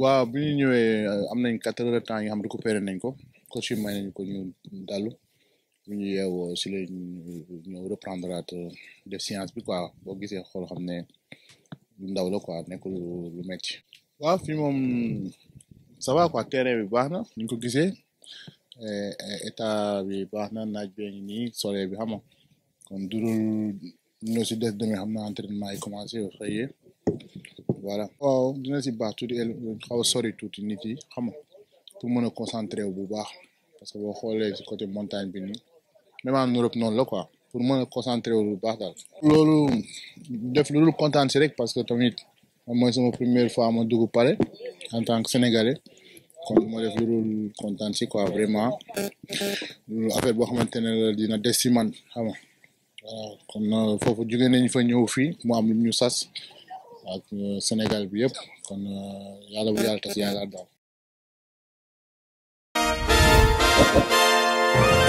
waaw bu ñu ñëwee euh, am nañ quatre heures de temps yi xam récupéré nañ ko coach yi nañ ko ñu dalu bu ñu yeewoo si la euh, ñu reprendre at euh, def science bi quoi boo gisee xool xam ne lu ndaw la quoi nekkul lu métti. waaw fii moom ça va quoi terrain bi baax na ni ñu ko gisee état bi baax na naaj bee ngi nii bi xam kon duru ñoo si def demee xam naa entraînement yi commencé xëyee. voilà waaw dina ci baax tuuti xaw a sori tuuti nit yi xam nga pour mën a concentré wu bu baax parce que boo xoolee ci côté montagne bi nii même en Europe noonu la quoi pour mën a concentré wu bu baax daal. loolu def loolu kontaan si rek parce que tamit mooy sama première fois ma dugg parler en tant que sénégalais kon ma def loolu content si quoi vraiment loolu affaire boo xamante ne la dina des si man xam nga waaw kon euh, foofu jóge nañ fa ñëw fii mu am lu ñu sas. ak euh, Sénégal bi yëpp kon euh, yàlla bu yàlla tas yaakaar daal